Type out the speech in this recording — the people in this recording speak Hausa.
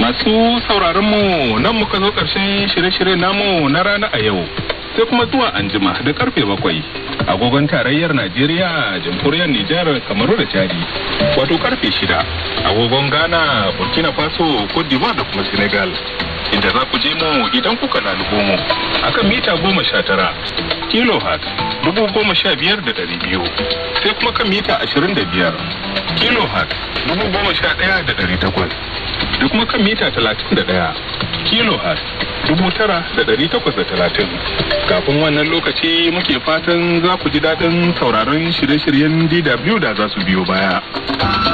Masu sauraron mu nan muka zo ƙarshen shirye-shirye namu na rana a yau. Sai kuma zuwa anjima da karfe bakwai agogon tarayyar Najeriya, jamhuriyar Nijar, Kamaru da Chadi. Wato karfe shida agogon Ghana, Burkina Faso, Cote d'Ivoire da kuma Senegal. Inda za ku je mu idan kuka lalubo mu kan mita goma sha tara kilo hat dubu goma sha biyar da ɗari biyu sai kuma kan mita ashirin da biyar kilo hat dubu goma sha ɗaya da ɗari takwas. da kuma kan mita 31 kilohertz dubu tara da ɗari takwas da talatin kafin wannan lokaci muke fatan za ku ji daɗin sauraron shirye-shiryen dw da za su biyo baya.